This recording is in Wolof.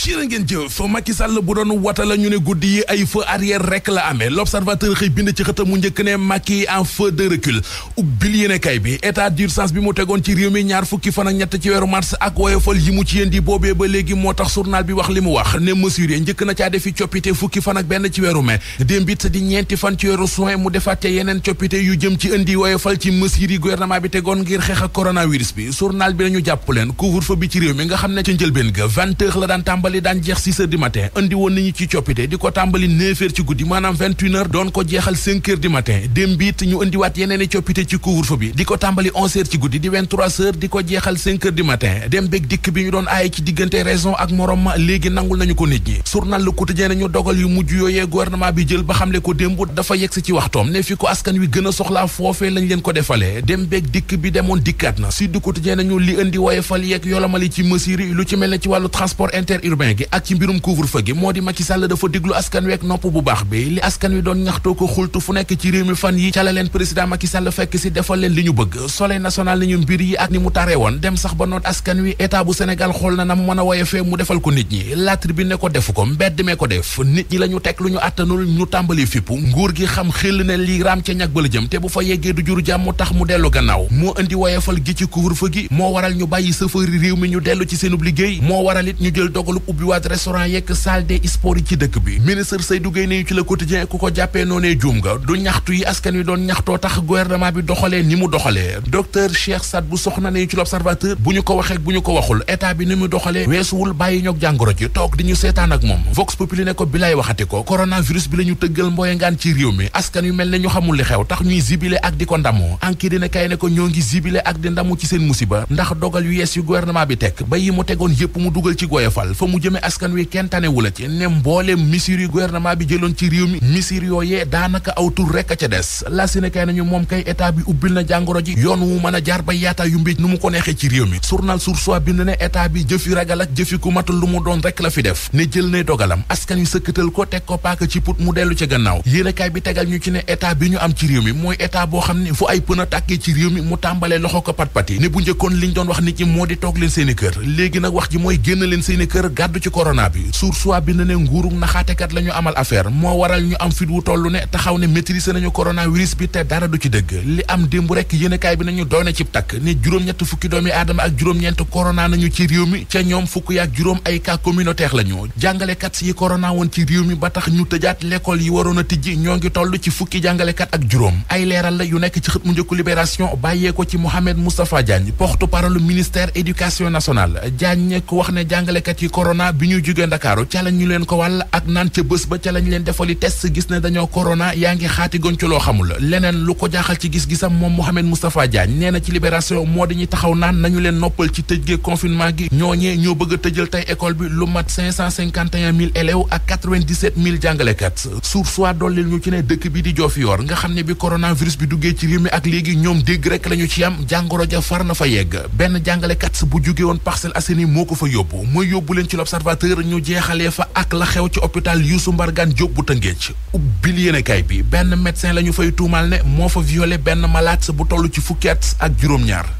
jërë ngeen jëf Macky Sall bu doon wata la ñu ne guddi yi ay feu arrière rek la amee l'observateur xëy bind ci xëtam mu njëkk ne Macky en feu de recul ubbil yéenekaay bi état d'urgence bi mu tegoon ci réew mi ñaar fukki fan ñett ci weeru mars ak woyofal yi mu ci yéen di boobee ba léegi moo tax journal bi wax li mu wax ne mesure yi njëkk na caa defi coppite fukki fan ak benn ci weeru mai démb it di ñeenti fan ci weeru juin mu defaat ca yeneen coppite yu jëm ci indi woyofal ci mesure yi gouvernement bi tegoon ngir xeex ak coronavirus mi nga xam ne ca njëlbeen ga tàmbali dem beeg dikk bi ñu doon aaye ci diggante raison ak morom ma léegi nangul nañu ko nit ñi journal Le Quotidien ñu dogal yu mujj yooyee gouvernement bi jël ba xamle ko démb dafa yegsi ci waxtoom ne fi ko askan wi gën a soxlaa foofee leen ko defalee dem beeg dikk bi demoon dikkaat na Sud Quotidien ñu li indi woyefal yeeg yolamali ci mesure lu ci mel ne ci wàllu transport interurbain urbain gi ak ci mbirum couvre-feu gi moo di Macky Sall dafa déglu askan wi ak nopp bu baax bi li askan wi doon ñaxtoo ko xultu fu nekk ci réew mi fan yi ca président Macky Sall fekk si defal leen li ñu bëgg soleil national ni ñu mbir yi ak ni mu taree woon dem sax ba noot askan wi état bu Sénégal xool na nam mën a woye fee mu defal ko nit ñi la teg lu ñu àttanul ñu tàmbali fippu nguur gi xam xel ne lii raam ca ñag ba jëm te bu fa yeggee du jur jàmm tax mu dellu gannaaw moo indi ubbiwaat restaurant yekk salle des sports yi ci dëkk bi ministre Seydou Gueye ne ci le quotidien ku ko jàppee noonee juum nga du ñaxtu yi askan wi doon ñaxtoo tax gouvernement bi doxalee ni mu doxalee docteur Cheikh Sadbou Sokhna ne ci l'observateur bu ñu ko waxee bu ñu ko waxul état bi ni mu doxalee weesuwul bàyyi ñoog jàngoro ji toog di ñu seetaan ak moom Vox Populi ne ko bi lay waxati ko coronavirus bi la tëggal mbooye ngaan ci réew mi askan yu jëme askan wi kenn tanewu la ci ne mbooleem mesures yi gouvernement bi jëloon ci réew mi mesures yooyee daanaka aw tur rek a ca des la si ne kay nañu moom kay état bi ubbil na jàngoro ji yoon wu mën a jaar ba yaata yu mbéj nu mu ko neexee ci réew mi journal Source A bind ne état bi jëfi ragal ak jëfi ku matul lu mu doon rek la fi def ne jël ne dogalam askan wi sëkkatal ko teg ko paaka ci put mu dellu ca gannaaw yéenekaay bi tegal ñu ci ne état bi ñu am ci réew boo xam ne fu mu tàmbalee loxo ko pat pati ne bu doon wax nit ñi moo di toog leen seeni kër wax ji mooy leen seeni kër addu ci corona na ne nguurug naxaatekat la amal affaire moo waral ñu am fit wu toll ne taxaw ne maîtriser nañu coronavirus bi te dara du ci dëgg li am démb rek yéenekaay bi nañu doy na cib takk ne juróom-ñett fukki doomi aadama ak juróom-ñeent corona nañu ci réew mi ca ñoom fukk yaak juróom ay cas communautaire la ñu jàngalekat yi corona woon ci réew mi ba tax ñu tëjaat l'école yi waroon a tijji ñoo ngi toll ci fukki jàngalekat ak juróom ay leeral la yu nekk ci xët mu njëkku libération bàyyee ko ci Mohamed Moustapha Diagne porte-parole ministère éducation nationale Diagne ko wax ne jàngalekat yi corona corona bi ñu jugee ndakaaru ca la ñu leen ko wàll ak naan ca bés ba ca lañ leen defali test gis ne dañoo corona yaa ngi xaati gon loo xamul leneen lu ko jaaxal ci gis-gisam moom Mouhamed Moustapha Diagne nee na ci libération moo dañuy taxaw naan nañu leen noppal ci tëj gee gi ñooñee ñoo bëgg a tëjal tey école bi lu mat cinq ak quatre jàngalekat suuf soit ñu ci ne dëkk bi di Diofior nga xam ne bi coronavirus bi duggee ci réew mi ak léegi ñoom l'observateur ñu jeexalee fa ak la xew ci hôpital Youssou Mbargane Diop bu Tëngéej ubbil yéenekaay bi benn médecin la ñu fay tuumal ne moo fa violé benn malade bu toll ci fukki at ak juróom-ñaar